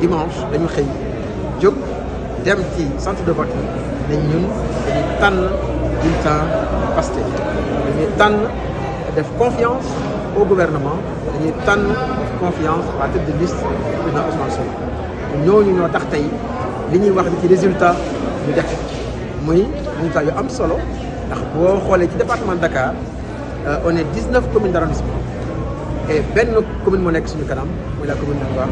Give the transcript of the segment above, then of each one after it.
dimanche dañu xey jog dem ci centre de vote yi ne ñun tan tànn bulletin Pastef dañuy tan def confiance au gouvernement dañu tan def confiance à tête de liste président Ousmane Sonko ñooñu ñoo tax tay li ñuy wax ci résultat ñu def muy résultat yu am solo ndax boo xoolee ci département Dakar euh, on est 19 communes d'arrondissement et benn commune moo nekk suñu kanam muy la commune de Touba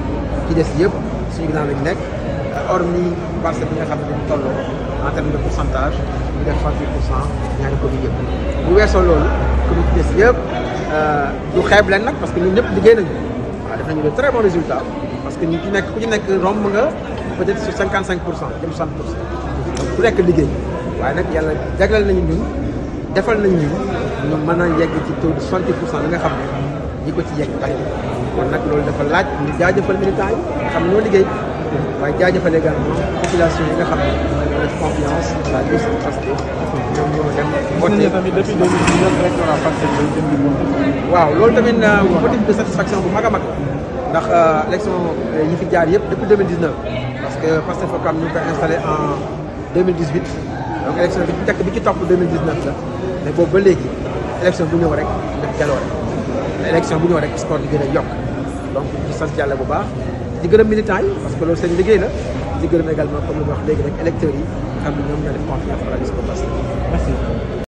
ci des yëpp suñu ginnaaw lañ nekk hormis parce que nga xam ne dañu en terme de pourcentage ñu def 38 pour cent ñaari communes yëpp bu weesoo loolu communes yi des yëpp euh, du xeeb leen nag parce que ñun ñëpp liggéey nañu waaw def nañu de très bon résultat parce que ñu ci nekk ku ci nekk romb nga peut-être sur 55 pour cent jëm 60 pour cent ku nekk liggéey waaye nag yàlla jagleel nañu ñun defal nañ ñun ñu mën a yegg ci taux de 60 pour cent li nga xam ne diko ci yegg bari kon nak loolu dafa laaj ñu jaajëfal militants yi xam no liggéey waaye jaajëfal également population yi nga xam ne def confiance la liste de Pastef ñoom ñoo dem voté waaw loolu tamit euh, motif de satisfaction bu maga mag ndax euh, élection euh, yi fi jaar yëpp depuis 2019 parce que Pastef focam ñu ngi koy installé en 2018 donc élection bi njëkk bi ci topp 2019 la mais bo ba léegi élection bu ñëw rek def jaloore élection bu ñëw rek sport bi gën a yokk donc di sant yàlla bu baax di gërëm militants yi parce que loolu seen liggéey la di gërëm également comme li ma wax léegi rek électeurs yi xam ñoom ñoo def confiance